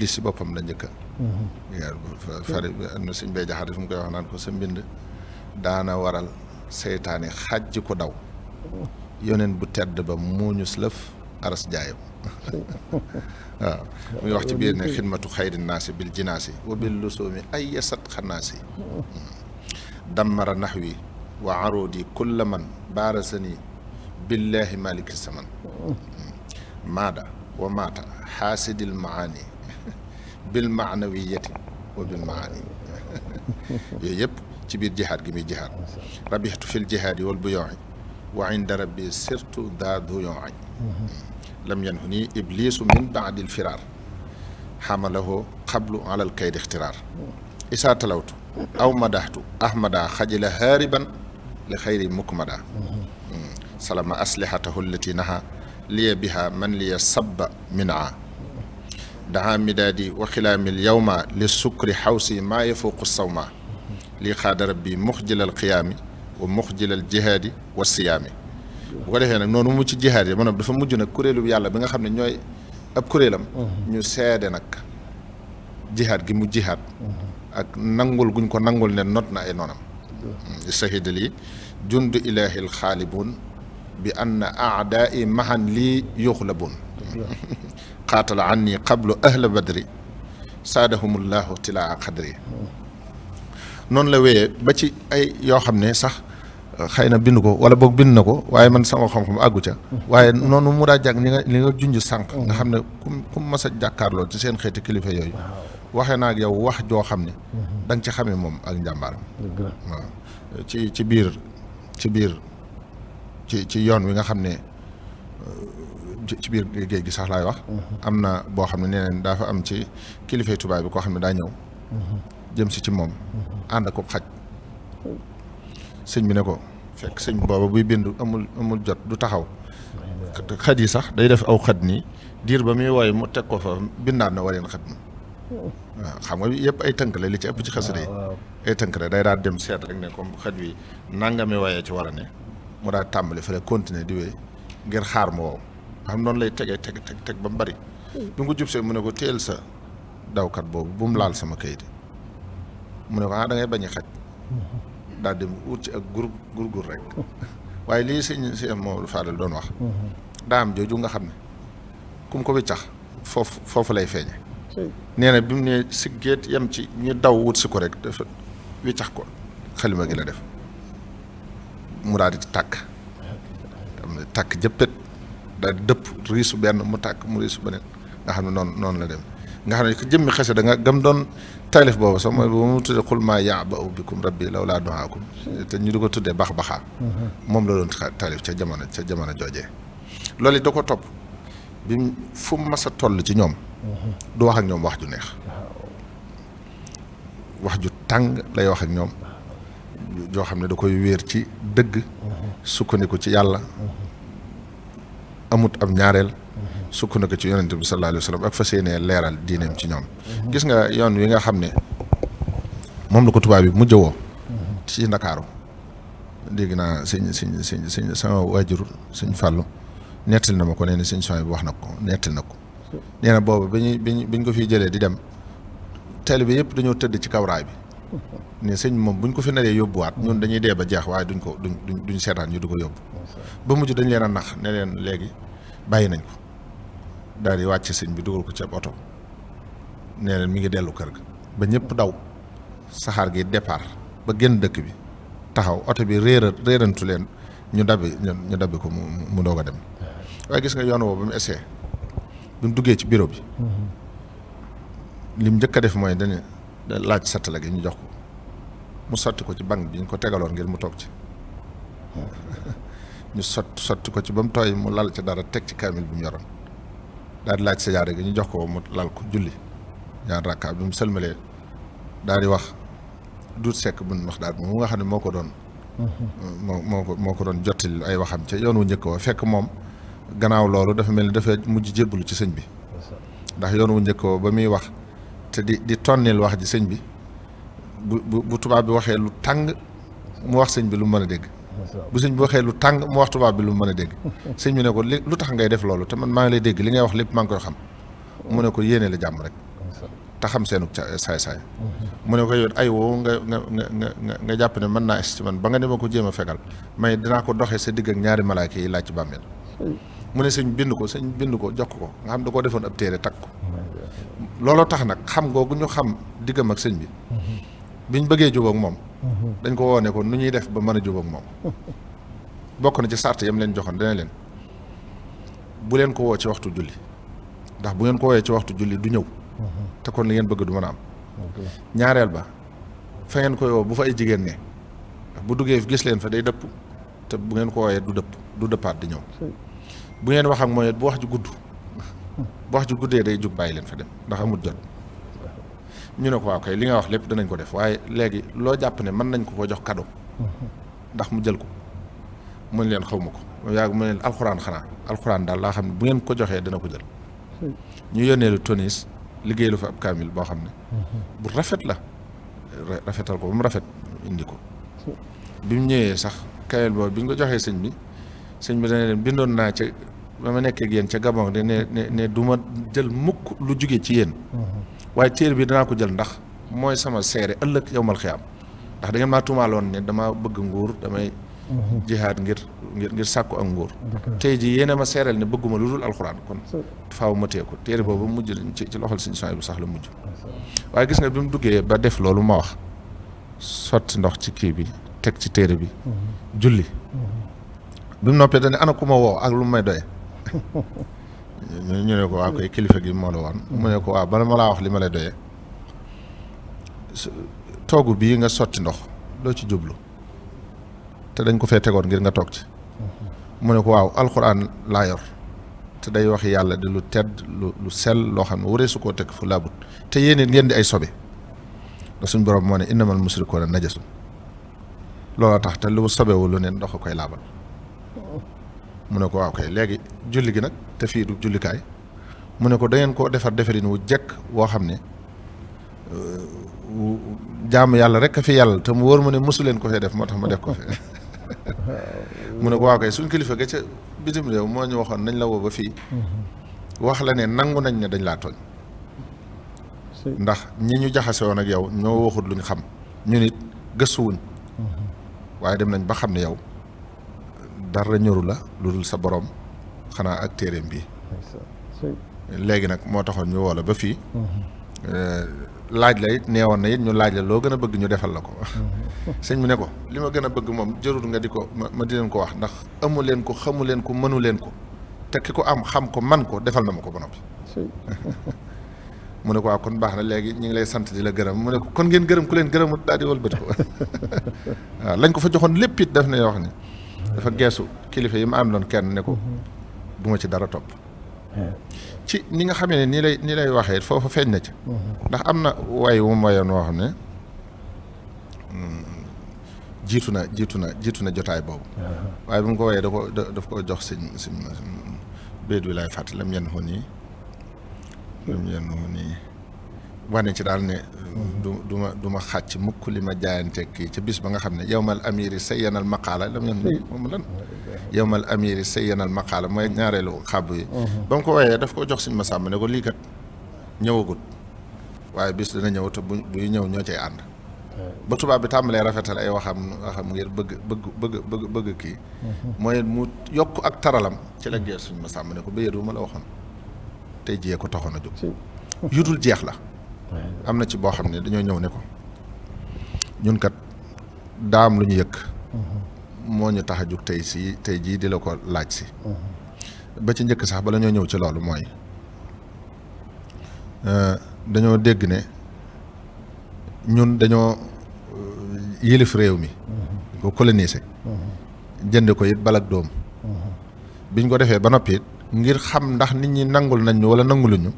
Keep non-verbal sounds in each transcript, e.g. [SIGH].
iblis si boppam la njëkka mhm. fari am na suñ bay jaxate koy wax naan ko sa daana waral seytaane xajj ko daw [LAUGHS] yoneen bu tedd ba muuñus lëf aras jaayam [LAUGHS] waaw muy wax ci biir ne xidmatu xayri naasi bil jinaasi wa bil lusuumi ay yasat xanaasi [LAUGHS] dammara naxwi wa aroodi kulla man baarasani billahi maliki saman maada wa maata xaasidil maani bil maanawiyati wa bil maani yooyu yëpp ci biir jihaad gi muy jihaad rabixtu fil jihaadi wal buyooxi wa inda rabbi surtout daa duyooxi lam yanhu nii iblisu min baadil firaar xamalahu xablu alal kaydi ixtiraar isaa talawtu aw madaxtu ahmada xajila haariban li xayri mukmada salama aslihatahu allati naha liya biha man liya sabba minaa daha midaadi wa xilaamil yawma li sukri xawsi maa yafuuqu sawma lii xaadara bi muxjilal xiyaami wa muxjilal jihaadi wa siyaami bu ko defee nag noonu mu ci jihaad yi maanaam dafa mujj nag kuréelu yàlla bi nga xam ne ñooy ab kuréelam ñu seede nag jihaad gi mu jihaad ak nangul guñ ko nangul ne not na ay noonam sahida lii jund ilaahil xaalibuun bi anna aadaai mahan lii yuxlabuun qaatala anni qablu ahla badri saadahumullahu tilaa qadri noonu la wéyee ba ci ay yoo xam ne sax xëy na bind ko wala boog bind na ko waaye man sama xam-xam àggu ca waaye noonu mu daa jàng li nga li nga junj sànq nga xam ne kum kum mas a jàkkaarloo ci seen xeeti kilifa yooyu waxee naa ak yow wax joo xam ne mm-hmm. da nga ci xamee moom ak njàmbaaram waaw ci ci biir ci biir ci ci yoon wi nga xam ne ci biir géej gi sax laay wax. Mhm. am na boo xam ne nee nañ daa fa am ci kilifay Tuubaa bi koo xam ne daa ñëw. Mhm. jëm si ci moom. Mhm. ànd ak xaj. sëñ bi ne ko fekk sëñ booba buy bindu amul amul jot du taxaw. xaj yi sax day def aw xaj nii diir ba muy woy mu teg ko fa bindaat na wareen xaj hmm. waaw xam nga yëpp ay tënk la li ci ëpp ci xasida yi ay tënk la day daal dem seet rek ne comme xaj wi nangami wayee ci wara a ne mu daal tàmbali fële continuer di wéy ngir xaar mu wow xam noonu lay tegee teg teg teg ba mu bari. bi ko jub see mu ne ko téel sa dawkat boobu bu mu laal sama kayit mu ne ko ah da bañ a daal dem ut ci ak gur gur rek waaye lii sëñ sëñ Maodo doon wax. daam jooju nga xam ne ku mu ko wiccax foofu foofu lay feeñe nee na bi mu ne siggeet yem ci ñu daw wut si ko rek dafa wiccax ko xalima gi la def mu daal di tàkk am na tàkk jëppët daal di dëpp riisu benn mu tàkk mu riisu beneen nga xam ne noonu noonu la dem nga xam ne ko jëmmi xase da nga gam doon taalif boobu sax mooy bu mu tuddee xul maa yaa ba ubbikum laa duhaakum te ñu di ko tuddee baax baxaa moom la doon taalif ca jamono ca jamono joojee loolu it da ko topp bi fu mu mas a ci ñoom du wax ak ñoom wax ju neex wax ju tàng lay wax ak ñoom joo xam ne da koy wéer ci dëgg sukkandiku ci yàlla amut am ñaareel sukk na ko ci yonente bi sallallahu alayhi wa ak fas yéenee leeral diineem ci ñoom gis nga yoon wi nga xam ne moom la ko tubaab yi mujj woo ci ndakaaru dégg naa sëñ sëñ sëñ sëñ sama waajur sëñ fàllu nettali na ma ko nee na sëñ bi wax na ko nettali na ko nee na boobu bi ñu bi ko fiy jëlee di dem teel bi yëpp dañoo tëdd ci kawraay bi ne sëñ moom buñ ko fi naree yóbbuwaat ñun dañuy dee ba jeex waaye duñ ko duñ duñ duñ seetaan ñu du ko yóbbu. ba mujj dañ leen a nax ne leen léegi bàyyi nañ ko daal di wàcc sëñ bi dugal ko ci ab oto nee leen mi ngi dellu kër ga ba ñëpp daw saxaar gi départ ba génn dëkk bi taxaw oto bi réera réerantu leen ñu dabi ñu dabi ko mu mu doog a dem waaye gis nga yoon woo ba mu essayé bi mu duggee ci bureau bi. Mm-hmm. lim njëkk def mooy dañu. laaj satala gi ñu jox ko mu sotti ko ci banque bi ñu ko tegaloon ngir mu toog ci [LAUGHS] ñu sott sotti ko ci ba mu tooy mu lal ci dara teg ci kaamil bi mu yoroon daal di laaj sajaada gi ñu jox ko mu lal ko julli ñaan rakka bi mu sëlmalee daal di wax duut sekk bu ñu wax daal moom nga xam ne moo ko doon. Mm-hmm. moo moo ko moo ko doon jottali ay waxam ca yoon wu njëkk wa fekk moom gannaaw loolu dafa mel ni dafa mujj jébbalu ci sëñ bi. ndax yoon wu njëkk wa ba muy wax. te di di tonneel wax ji sëñ bi bu bu tubaab bi waxee lu tàng mu wax sëñ bi lu mu mën a dégg. bu sëñ bi waxee lu tàng mu wax tubaab bi lu mën a dégg. [LAUGHS] sëñ bi ne ko li lu tax ngay def loolu te man maa ngi lay dégg li ngay wax lépp maa ngi koy xam. mu ne ko yéene la jàmm rek. te xam seenu saay-saay. mu ne ko yow ay wow nga nga nga nga jàpp ne man naa es ba nga ne ko jéem a fegal may dinaa ko doxe sa digg ak ñaari malaayka yi laaj ci bàmmeel mu ne sëñ bind ko sëñ bind ko jox ko nga xam da koo defoon ab téere takk ko looloo tax nag xam googu ñu xam diggam ak sëñ bi biñ bëggee jubóog moom dañ ko woone ko nu ñuy def ba mën a jubóog moom bokk na ci sart yam leen joxoon dana leen bu leen ko woo ci waxtu julli ndax bu ngeen ko woowee ci waxtu julli du ñëw te kon li ngeen bëgg du mën a am ñaareel ba fa ngeen koy woo bu fa ay jigéen ne bu duggee gis leen fa day dëpp te bu ngeen ko wooyee du dëpp du dëppaat di ñëw bu ngeen wax ak mooy bu wax ji gudd wax ju guddee day jug bàyyi leen fa dem ndax amul jot ñu ne ko waaw kay li nga wax lépp danañ ko def waaye léegi loo jàpp ne mën nañ ko ko jox cadeau ndax mu jël ko mu ne leen xaw ma ko yaa mu ne leen alxuraan xanaa alxuraan daal laa xam ne bu ngeen ko joxee dana ko jël ñu yónnee lu tonis liggéey lu fa ab kaamil boo xam ne bu rafet la rafetal ko ba mu rafet indi ko bi mu ñëwee sax kaamil boobu bi nga ko joxee sëñ bi sëñ bi dana leen bindoon naa ci ba ma nekkee ak ca Gabon de ne ne ne du ma jël mukk lu juge ci yéen mhm. waaye téere bi danaa ko jël ndax mooy sama seere ëllëg yow mal xiyaam ndax da ngeen tuumaaloon ne dama bëgg nguur damay mhm. jihaad ngir ngir sàkku ak nguur tey ji yéen a ma seeral ne bëgguma lu dul alxuraan kon faaw ma téye ko téere boobu mu mujj ci ci loxol suñu sang bu sax la mujj waaye gis nga bi mu duggee ba def loolu ma wax sotti ndox ci kii bi teg ci téere bi mhm. julli bi mu noppee dane ana ku ma woo ak lu may doye [LAUGHS] ñu ne ko waa koy kilifa gi moo la woon mu ne ko waa bala ma laa wax li ma lay doyee toogu bii nga sotti ndox loo ci jublu te dañ ko fee tegoon ngir nga toog ci mu ne ko waaw alxuraan laa te day wax yàlla di lu tedd lu sel loo xam ne waree su koo teg fu laabut te yéen ngeen di ay sobe ndax suñ borom moo ne innamal musrikuuna najasun looloo tax te lu sobewul lu ne ndox koy laabal mu ne ko waaw kay léegi julli gi nag te fii du jullikaay mu ne ko dangeen koo defar defarin wu jekk woo xam ne euh, jaamu yàlla rek a fi yàlla te mu wóor ma ne mosu leen ko fee def moo tax ma def ko fi [LAUGHS] mu ne ko waaw kay suñ kilifa ga ca bitim réew moo ñu waxoon nañ la woo ba fii mm-hmm. wax la ne nangu nañ ne dañ laa tooñ ndax ñi ñu jaxase woon ak yow ñoo waxut luñ xam ñu nit gëstuwuñ mm-hmm. waaye dem nañ ba xam ne yow dara ñoru la lu dul sa boroom xanaa ak téeréem bi léegi nag moo taxoon ñu woo ba fii mm-hmm. laaj la it neewoon na it ñu laaj la loo gën a bëgg ñu defal la ko mm-hmm. sëñ mu ne ko li ma gën a bëgg moom jërul nga di ko ma di leen ko wax ndax amu leen ko xamu leen ko mënu leen ko te ki ko am xam ko man ko defal na ma ko ba noppi [LAUGHS] mu ne ko waaw ah, kon baax na léegi ñu ngi lay sant di la gërëm mu ne ko kon ngeen gërëm ku leen gërëmut daal di wëlbati ko [LAUGHS] [LAUGHS] waaw lañ ko fa joxoon lépp it daf ne wax ni dafa geesu kilifa yi ma am àndoon kenn ne ko mhm. bu ma ci dara topp eh. ci ni nga xamee ne nii lay nii lay waxee foofu feeñ na ci mhm. ndax am na way wu mu wayoon woo xam ne mm, jiitu na jiitu na jiitu na jotaay boobu uh-huh. waaye bu mu ko wayee da ko daf ko jox sëñ sëñ béyt bi laay fàttali lam yenn xun yi lam yenn xun yi wane ci daal ne du du ma du ma xàcc mukk li ma jaayante ki ca bis ba nga xam ne yowmal amiri sayyanal maqaala lam yan moom lan yowmal amiri sayyanal maqaala mooy ñaareelu xàbb yi mhm. ba mu ko woyee daf ko jox suñ masàmba ne ko lii kat ñëwagut waaye bis dina ñëw bu buy ñëw ñoo cay ànd ba tubaab bi tàmbalee rafetal ay waxam waxam ngir bëgg bëgg bëgg bëgg kii mhm. mooy mu yokk ak taralam ci la mhm. geer suñ masàmba ne ko béyat wu ma la waxoon tey jiyee ko taxoon a jóg yudul jeex la am na ci boo xam ne dañoo ñëw ne ko ñun kat daam lu ñu yëkk mhm. moo ñu tax a jug tey si tey jii di la ko laaj si mhm. ba ci njëkk sax ba lañoo ñëw ci loolu mooy euh, dañoo dégg ne ñun dañoo euh, yilif réew mi mhm. ko coloniser jënd ko it balak doom biñ ko defee ba noppi it ngir xam ndax nit ñi nangul nañ ñu wala nanguluñu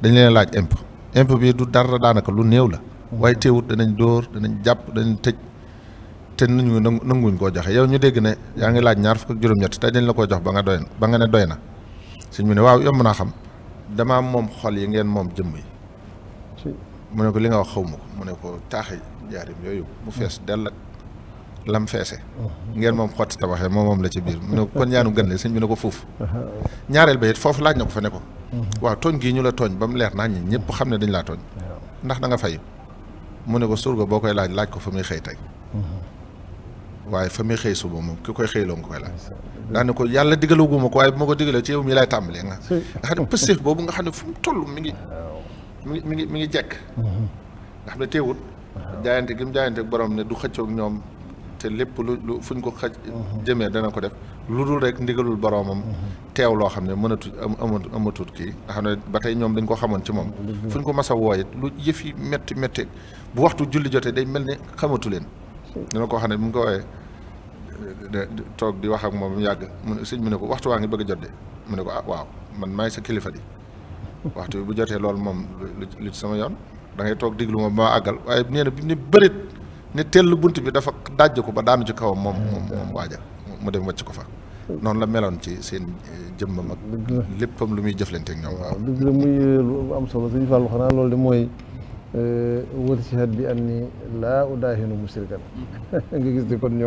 dañ leen laaj imp impôt bii du dara daanaka lu néew la. waaye teewut danañ dóor danañ jàpp danañ tëj te nuñu nanguñ koo joxe yow ñu dégg ne yaa ngi laaj ñaar fukk ak juróom-ñett tey dañ la ko jox ba nga doy ba nga ne doy na suñ mu ne waaw yomb naa xam damaa moom xol yi ngeen moom jëmm mu ne ko li nga wax xaw ma ko mu ne ko taaxi jaarim yooyu mu fees dell ak lam feese uh-huh. ngeen moom xotti tabaxee moom moom la ci biir mu ne gën le bi ne ko fuuf uh-huh. ñaareel ba it foofu laaj na ko fa ne ko Mm-hmm. waaw tooñ gii ñu la tooñ ba mu leer naa ñi ñëpp xam ne dañ laa tooñ ndax da nga fay mu ne ko surga boo koy laaj laaj ko fa muy xëy tey mm-hmm. waaye fa muy xëy suba moom ki koy xëy loo nga koy laaj daane ko yàlla digalaguma ko waaye bu ma ko digalee ci yow mii laay tàmbalee nga nga xam ne pëstéef boobu nga xam ne fu mu toll mi ngi [LAUGHS] mi ngi mi ngi mi ngi jekk mm-hmm. nga xam ne teewut jaayante gi mu jaayante borom ne du xëccook ñoom te lépp lu lu fuñ ko xaj dana ko def lu dul rek ndigalul boromam teew loo xam ne mënatu amatu amatut kii nga xam ne ba tey ñoom dañ ko xamoon ci moom mm-hmm. fu ko mas a wooyit lu yëf yi métti bu waxtu julli jotee day mel ne xamatu leen dina koo xam ne mu ko wooyee toog di wax ak moom yàgg mu ne sëñ mu ne ko waxtu waa ngi bëgg a mu ne ko ah waaw man sa kilifa di [LAUGHS] waxtu bu jotee loolu moom lu ci sama yoon da toog diglu ma ba àggal waaye nee bi ne bërit ne tell bunt bi dafa dajj ko ba daanu ci kawam moom moom moom waaja mu dem wàcc ko fa noonu la meloon ci seen eh, jëmmam ak léppam lu muy jëflante ak ñoom waaw dëgg la muy eh, lu am solo suñu fàllu xanaa loolu de mooy eh, wër ci xet bi an ni laa udaahinu musrikan mm. [LAUGHS] nga gis di kon ñoom